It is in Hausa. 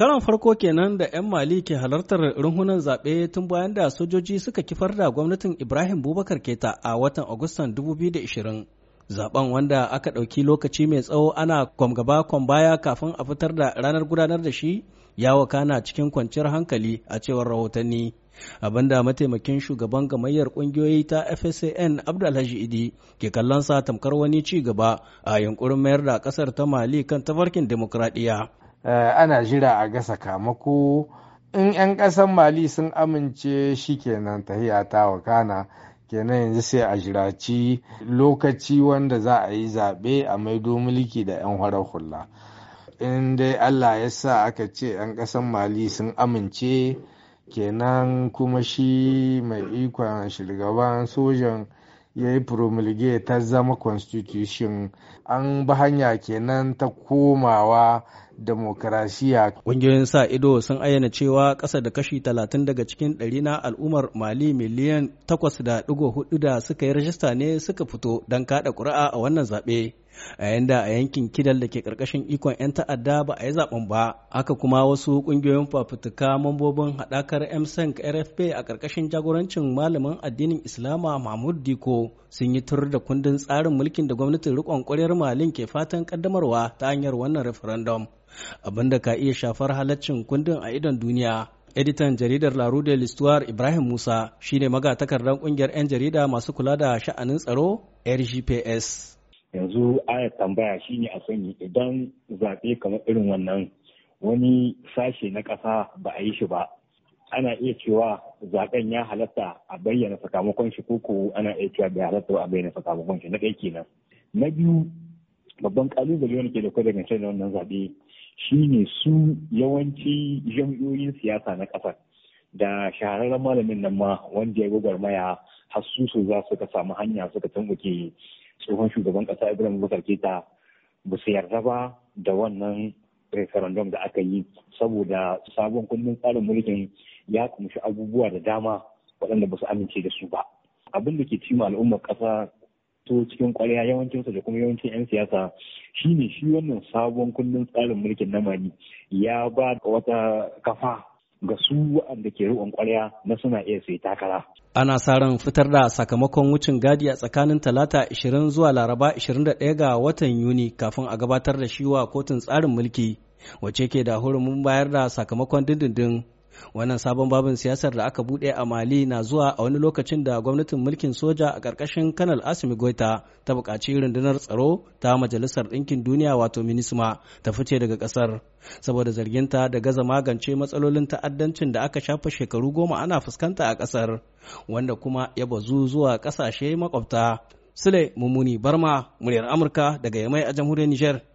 Karan farko kenan da 'yan Mali ke halartar ruhunan zaɓe tun bayan da sojoji suka kifar da gwamnatin Ibrahim Bubakar Keta a watan Agustan 2020. Zaben wanda aka ɗauki lokaci mai tsawo ana kwamgaba baya kafin a fitar da ranar gudanar da shi ya wakana cikin kwanciyar hankali a cewar rahotanni. Abinda mataimakin shugaban gamayyar ƙungiyoyi ta FSAN Abdulhaji Idi ke kallon sa tamkar wani ci gaba a yunkurin mayar da ƙasar ta Mali kan tafarkin demokradiyya. Eh, ana jira a ga sakamako in 'yan ƙasan mali sun amince shi kenan tahiya ta wakana kenan yanzu sai a jiraci lokaci wanda za a yi zaɓe a maido mulki da 'yan harar hula in dai allah ya sa aka ce 'yan ƙasan mali sun amince kenan kuma shi mai ikon shugaban sojan ya yi ta zama constitution an bi hanya kenan ta komawa demokarasiya. Ƙungiyoyin sa ido sun ayyana cewa ƙasa da kashi 30 daga cikin ɗari na al'ummar Mali miliyan 8.4 da suka yi rajista ne suka fito don kaɗa ƙuri'a a wannan zaɓe. a yanda a yankin kidal da ke karkashin ikon 'yan ta'adda ba a yi zaben ba haka kuma wasu kungiyoyin fafutuka mambobin haɗakar msenc rfp a karkashin jagorancin malamin addinin islama mahmud diko sun yi tur da kundin tsarin mulkin da gwamnatin rikon kwaryar malin ke fatan kaddamarwa ta hanyar wannan referendum Abin da ka iya shafar halaccin kundin a idon duniya editan jaridar La Rue Ibrahim Musa shine magatakardar kungiyar 'yan jarida masu kula da sha'anin tsaro RGPS. yanzu ayar tambaya shine a sani idan zaɓe kamar irin wannan wani sashe na ƙasa ba a yi shi ba ana iya cewa zaɓen ya halatta a bayyana sakamakon shi koko ana iya cewa bai halatta a bayyana sakamakon shi na ɗaya kenan na biyu babban kalubale wani ke da kwai daga da wannan zaɓe shine su yawanci jam'iyyoyin siyasa na ƙasar da shahararren malamin nan ma wanda ya gwagwarmaya hasusu su su ka samu hanya suka tambuke tsohon shugaban kasa ibrahim bukar keta ba su yarda ba da wannan referendum da aka yi saboda sabon kundin tsarin mulkin ya kumshi abubuwa da dama waɗanda ba su amince da su ba abin da ke cima al'ummar ƙasa to cikin ƙwarya yawancinsa da kuma yawancin 'yan siyasa shine shi wannan sabon kundin tsarin mulkin na mali ya ba wata kafa ga su waɗanda ke riƙon ƙwarya na suna iya sai takara. Ana sa ran fitar da sakamakon wucin gadi a tsakanin talata 20 zuwa laraba 21 ga watan Yuni kafin a gabatar da shi wa kotun tsarin mulki wacce ke da hurumin bayar da sakamakon dindindin wannan sabon babin siyasar da aka bude a mali na zuwa a wani lokacin da gwamnatin mulkin soja a ƙarƙashin kanal asimi goita ta buƙaci rundunar tsaro ta majalisar ɗinkin duniya wato minisma ta fice daga ƙasar saboda zarginta da gaza magance matsalolin ta'addancin da aka shafa shekaru goma ana fuskanta a ƙasar wanda kuma ya bazu zuwa ƙasashe makwabta sule mummuni barma muryar amurka daga yamai a jamhuriyar nijar